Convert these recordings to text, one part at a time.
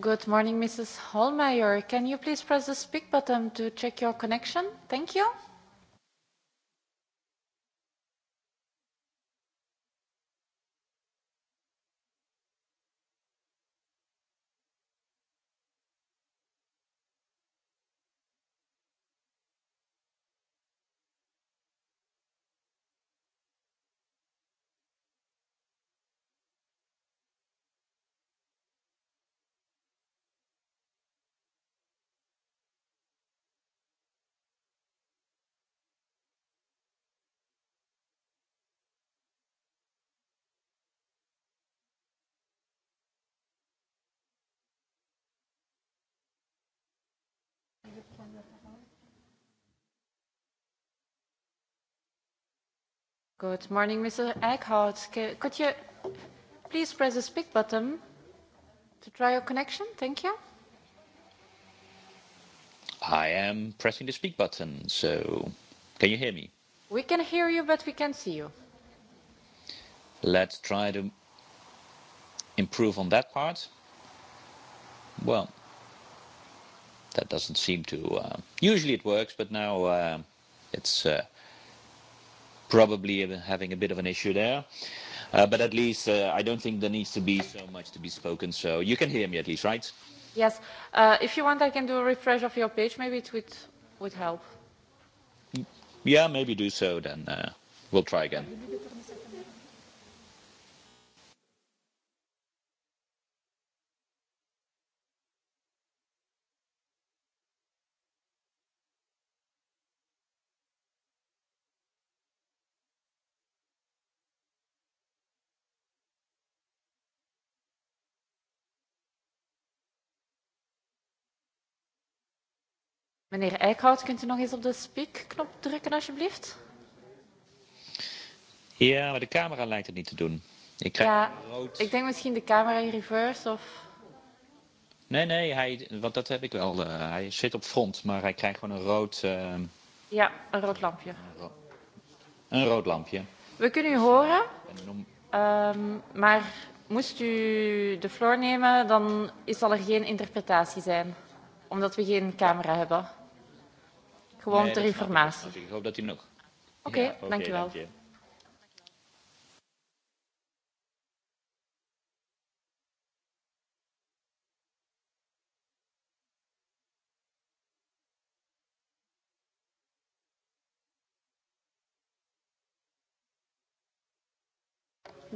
Good morning, Mrs. Holmeyer. Can you please press the speak button to check your connection? Thank you. Good morning, Mr. Eickhout. Could you please press the speak button to try your connection? Thank you. I am pressing the speak button, so can you hear me? We can hear you, but we can't see you. Let's try to improve on that part. Well, that doesn't seem to. Uh, usually it works, but now uh, it's. Uh, probably having a bit of an issue there. Uh, but at least uh, I don't think there needs to be so much to be spoken. So you can hear me at least, right? Yes. Uh, if you want, I can do a refresh of your page. Maybe it would, would help. Yeah, maybe do so then. Uh, we'll try again. Meneer Eickhout, kunt u nog eens op de speak-knop drukken, alsjeblieft? Ja, maar de camera lijkt het niet te doen. Ik krijg ja, rood. ik denk misschien de camera in reverse of... Nee, nee, hij, want dat heb ik wel. Uh, hij zit op front, maar hij krijgt gewoon een rood... Uh... Ja, een rood lampje. Een, ro een rood lampje. We kunnen u horen, um, maar moest u de floor nemen, dan zal er geen interpretatie zijn, omdat we geen camera hebben. Gewoon nee, ter informatie. Ik. ik. hoop dat u nog. Oké, okay, ja, okay, dankjewel. Dank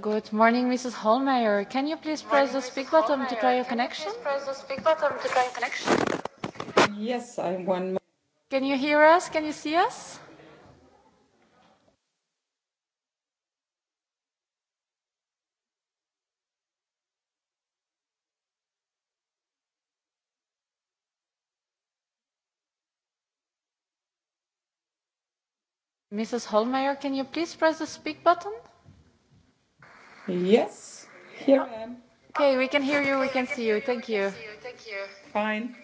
Good morning, Mrs. Holmeyer. Can you please press the speak Mrs. button to try your connection? press the speak button to try your connection. Yes, I'm one. Can you hear us? Can you see us? Mrs. Holmeyer, can you please press the speak button? Yes, here I am. Okay, we can hear you, we can see you. Thank you. Thank you. Fine.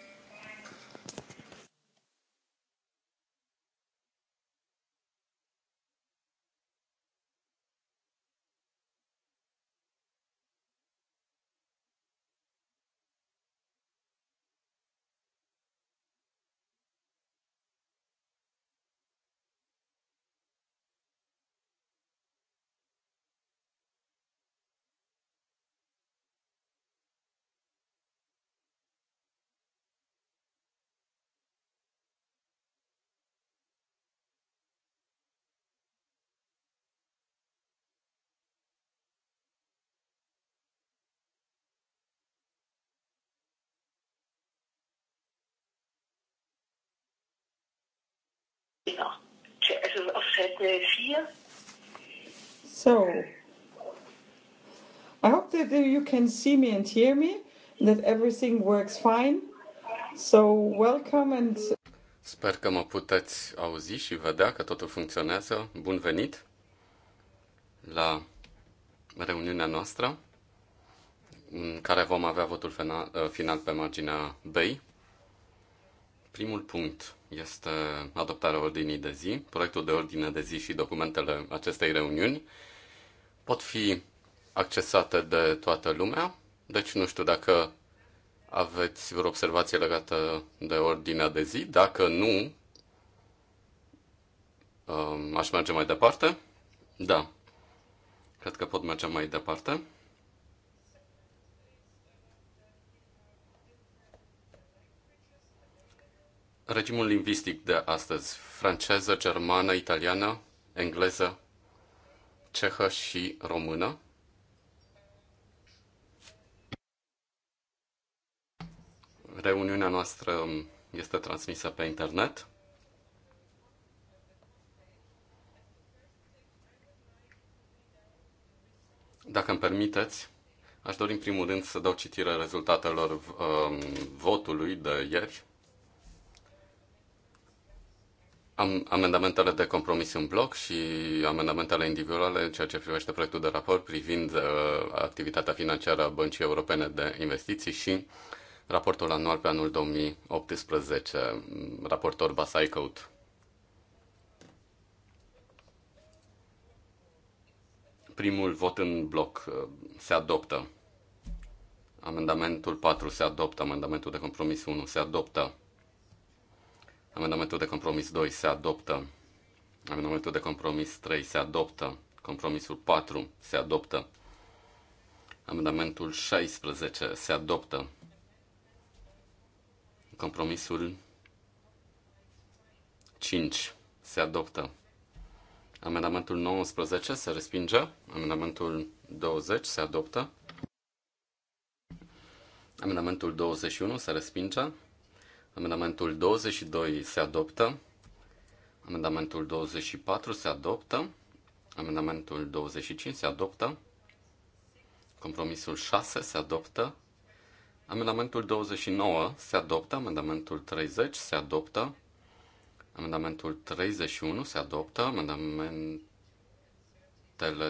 So, I hope that you can see me and hear me, that everything works fine. So, welcome and... Sper că mă puteți auzi și vedea că totul funcționează. Bun venit la reuniunea noastră în care vom avea votul final pe marginea B. Primul punct este adoptarea ordinii de zi. Proiectul de ordine de zi și documentele acestei reuniuni pot fi accesate de toată lumea, deci nu știu dacă aveți vreo observație legată de ordinea de zi. Dacă nu, um, aș merge mai departe. Da, cred că pot merge mai departe. regimul lingvistic de astăzi, franceză, germană, italiană, engleză, cehă și română. Reuniunea noastră este transmisă pe internet. Dacă îmi permiteți, aș dori în primul rând să dau citire rezultatelor um, votului de ieri. Am amendamentele de compromis în bloc și amendamentele individuale în ceea ce privește proiectul de raport privind uh, activitatea financiară a Băncii Europene de Investiții și raportul anual pe anul 2018, raportor Basaicaut. Primul vot în bloc uh, se adoptă. Amendamentul 4 se adoptă, amendamentul de compromis 1 se adoptă. Amendamentul de compromis 2 se adoptă. Amendamentul de compromis 3 se adoptă. Compromisul 4 se adoptă. Amendamentul 16 se adoptă. Compromisul 5 se adoptă. Amendamentul 19 se respinge. Amendamentul 20 se adoptă. Amendamentul 21 se respinge. Amendamentul 22 se adoptă. Amendamentul 24 se adoptă. Amendamentul 25 se adoptă. Compromisul 6 se adoptă. Amendamentul 29 se adoptă. Amendamentul 30 se adoptă. Amendamentul 31 se adoptă. Amendamentele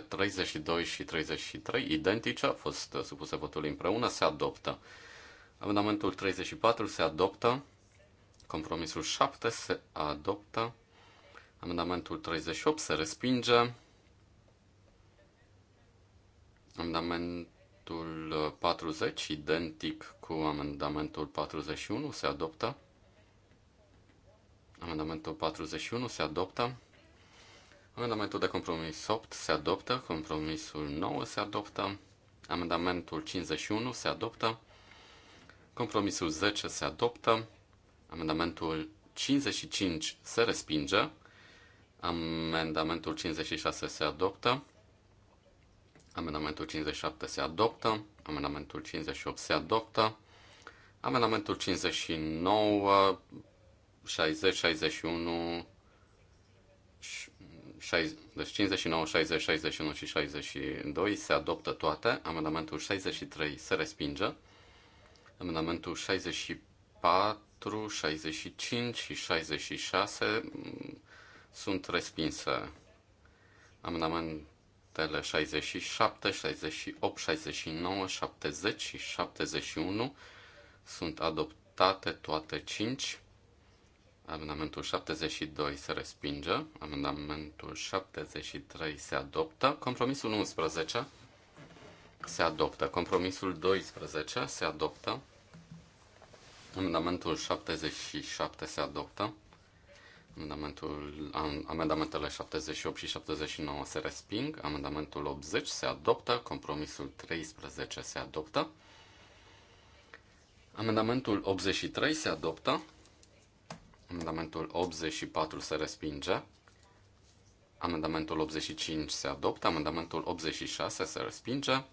32 și 33, identice, au fost supuse votului împreună, se adoptă. Amendamentul 34 se adoptă. Compromisul 7 se adoptă. Amendamentul 38 se respinge. Amendamentul 40, identic cu amendamentul 41, se adoptă. Amendamentul 41 se adoptă. Amendamentul de compromis 8 se adoptă. Compromisul 9 se adoptă. Amendamentul 51 se adoptă. Compromisul 10 se adoptă. Amendamentul 55 se respinge. Amendamentul 56 se adoptă. Amendamentul 57 se adoptă. Amendamentul 58 se adoptă. Amendamentul 59, 60, 61, 60, deci 59, 60, 61 și 62 se adoptă toate. Amendamentul 63 se respinge. Amendamentul 64, 65 și 66 mm, sunt respinse. Amendamentele 67, 68, 69, 70 și 71 sunt adoptate toate 5. Amendamentul 72 se respinge, amendamentul 73 se adoptă, compromisul 11 se adoptă, compromisul 12 se adoptă, Amendamentul 77 se adoptă. Amendamentul, am, amendamentele 78 și 79 se resping. Amendamentul 80 se adoptă. Compromisul 13 se adoptă. Amendamentul 83 se adoptă. Amendamentul 84 se respinge. Amendamentul 85 se adoptă. Amendamentul 86 se respinge.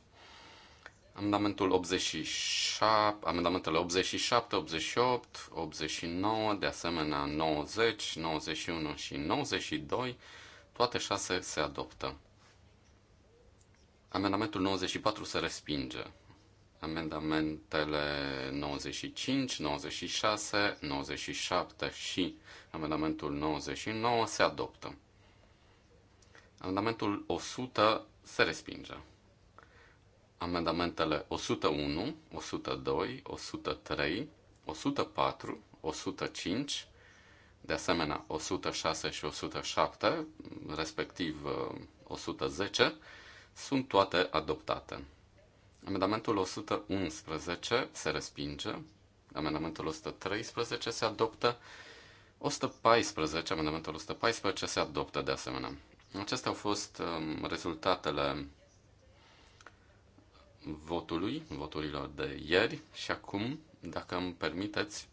Amendamentul 87, amendamentele 87, 88, 89, de asemenea 90, 91 și 92, toate șase se adoptă. Amendamentul 94 se respinge. Amendamentele 95, 96, 97 și amendamentul 99 se adoptă. Amendamentul 100 se respinge amendamentele 101, 102, 103, 104, 105, de asemenea 106 și 107, respectiv 110, sunt toate adoptate. Amendamentul 111 se respinge, amendamentul 113 se adoptă, 114, amendamentul 114 se adoptă de asemenea. Acestea au fost rezultatele votului, voturilor de ieri și acum, dacă îmi permiteți,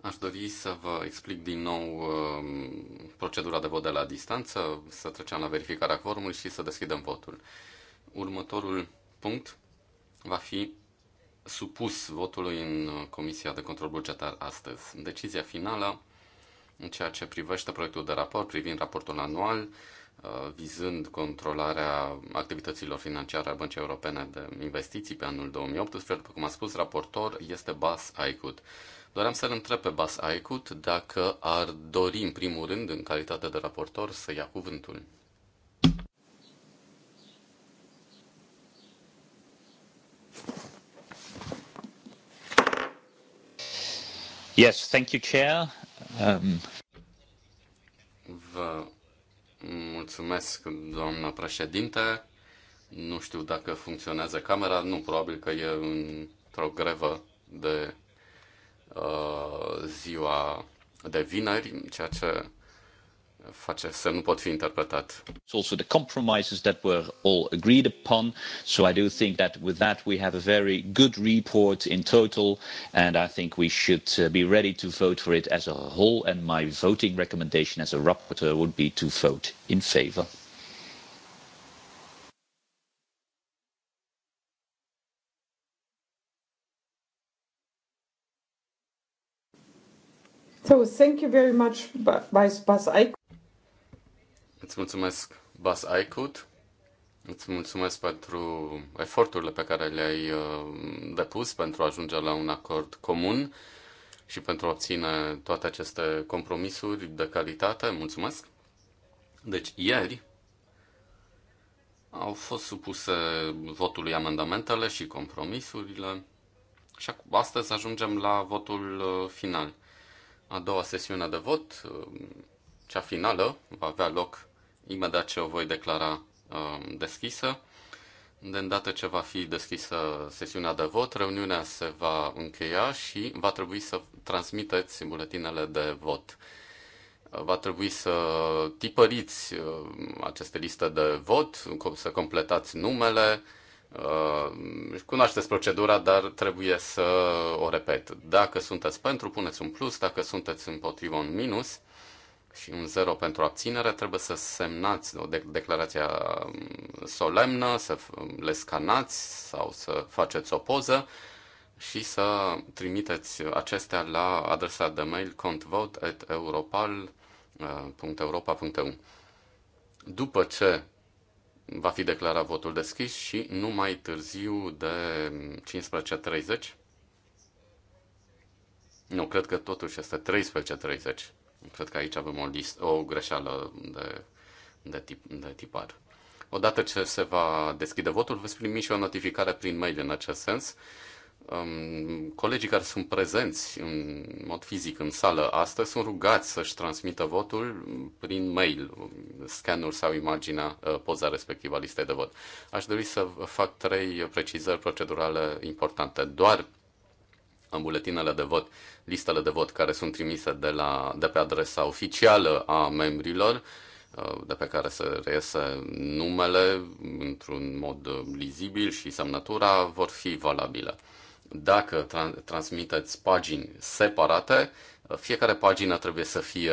aș dori să vă explic din nou um, procedura de vot de la distanță, să trecem la verificarea formului și să deschidem votul. Următorul punct va fi supus votului în Comisia de Control Bugetar astăzi. Decizia finală în ceea ce privește proiectul de raport privind raportul anual, uh, vizând controlarea activităților financiare a Băncii Europene de Investiții pe anul 2018. După cum a spus, raportor este Bas Aicut. Doream să-l întreb pe Bas Aicut dacă ar dori, în primul rând, în calitate de raportor, să ia cuvântul. Yes, thank you, Chair. Um... Vă mulțumesc, doamna președinte. Nu știu dacă funcționează camera, nu, probabil că e într-o grevă de uh, ziua de vineri, ceea ce face să nu pot fi interpretat. It's also the compromises that were all agreed upon, so I do think that with that we have a very good report in total and I think we should uh, be ready to vote for it as a whole and my voting recommendation as a rapporteur would be to vote in favor. So thank you very much, Vice Bas Îți mulțumesc, Bas Aikut. Îți mulțumesc pentru eforturile pe care le-ai uh, depus pentru a ajunge la un acord comun și pentru a obține toate aceste compromisuri de calitate. Mulțumesc! Deci, ieri au fost supuse votului amendamentele și compromisurile și astăzi ajungem la votul uh, final. A doua sesiune de vot, uh, cea finală, va avea loc imediat ce o voi declara um, deschisă. De îndată ce va fi deschisă sesiunea de vot, reuniunea se va încheia și va trebui să transmiteți buletinele de vot. Va trebui să tipăriți um, aceste liste de vot, să completați numele. Uh, cunoașteți procedura, dar trebuie să o repet. Dacă sunteți pentru, puneți un plus, dacă sunteți împotriva, un minus și un 0 pentru abținere, trebuie să semnați o declarație um, solemnă, să le scanați sau să faceți o poză și să trimiteți acestea la adresa de mail contvote.europal.europa.eu uh, După ce va fi declarat votul deschis și nu mai târziu de 15.30, nu, cred că totuși este 13.30 Cred că aici avem o, list, o greșeală de, de, tip, de tipar. Odată ce se va deschide votul, veți primi și o notificare prin mail în acest sens. Um, colegii care sunt prezenți în mod fizic în sală astăzi sunt rugați să-și transmită votul prin mail, scanul sau imaginea, uh, poza respectivă a listei de vot. Aș dori să fac trei precizări procedurale importante. Doar în buletinele de vot, listele de vot care sunt trimise de, la, de pe adresa oficială a membrilor, uh, de pe care se reiese numele într-un mod lizibil și semnătura vor fi valabile. Dacă tra- transmiteți pagini separate, uh, fiecare pagină trebuie să fie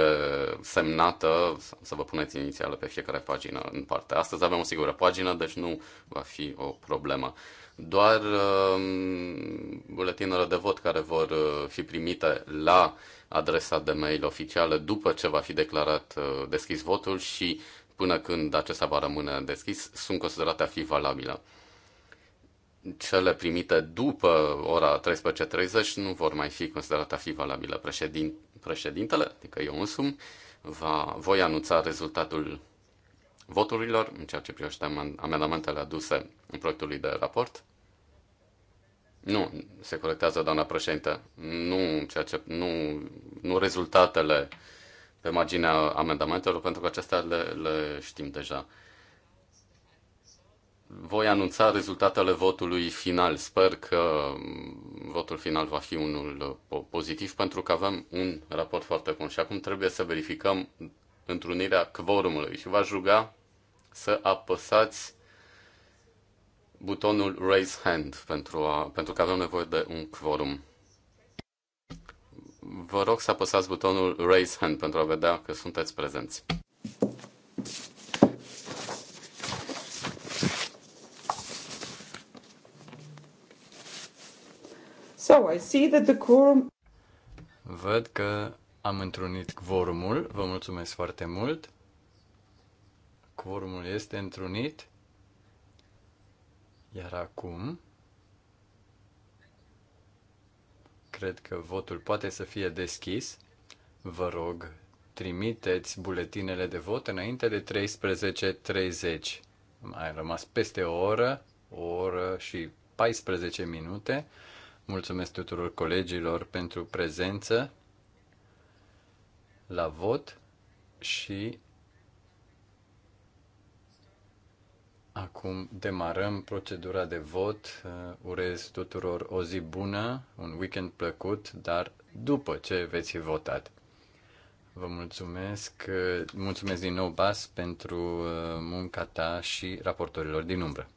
semnată, să vă puneți inițiale pe fiecare pagină în parte. Astăzi avem o singură pagină, deci nu va fi o problemă doar um, buletinele de vot care vor uh, fi primite la adresa de mail oficială după ce va fi declarat uh, deschis votul și până când acesta va rămâne deschis, sunt considerate a fi valabile. Cele primite după ora 13.30 nu vor mai fi considerate a fi valabile. Președin, președintele, adică eu însumi, va, voi anunța rezultatul voturilor în ceea ce privește amendamentele aduse în proiectului de raport. Nu, se corectează doamna președinte. Nu, ceea ce, nu, nu rezultatele pe marginea amendamentelor, pentru că acestea le, le știm deja. Voi anunța rezultatele votului final. Sper că votul final va fi unul pozitiv, pentru că avem un raport foarte bun și acum trebuie să verificăm întrunirea quorumului și v-aș ruga să apăsați butonul Raise Hand pentru, a, pentru că avem nevoie de un quorum. Vă rog să apăsați butonul Raise Hand pentru a vedea că sunteți prezenți. So I see that the quorum... Văd că am întrunit quorumul. Vă mulțumesc foarte mult. Cormul este întrunit. Iar acum cred că votul poate să fie deschis. Vă rog, trimiteți buletinele de vot înainte de 13.30. Mai rămas peste o oră, o oră și 14 minute. Mulțumesc tuturor colegilor pentru prezență la vot și Acum demarăm procedura de vot. Uh, urez tuturor o zi bună, un weekend plăcut, dar după ce veți fi votat. Vă mulțumesc, uh, mulțumesc din nou, Bas, pentru uh, munca ta și raportorilor din umbră.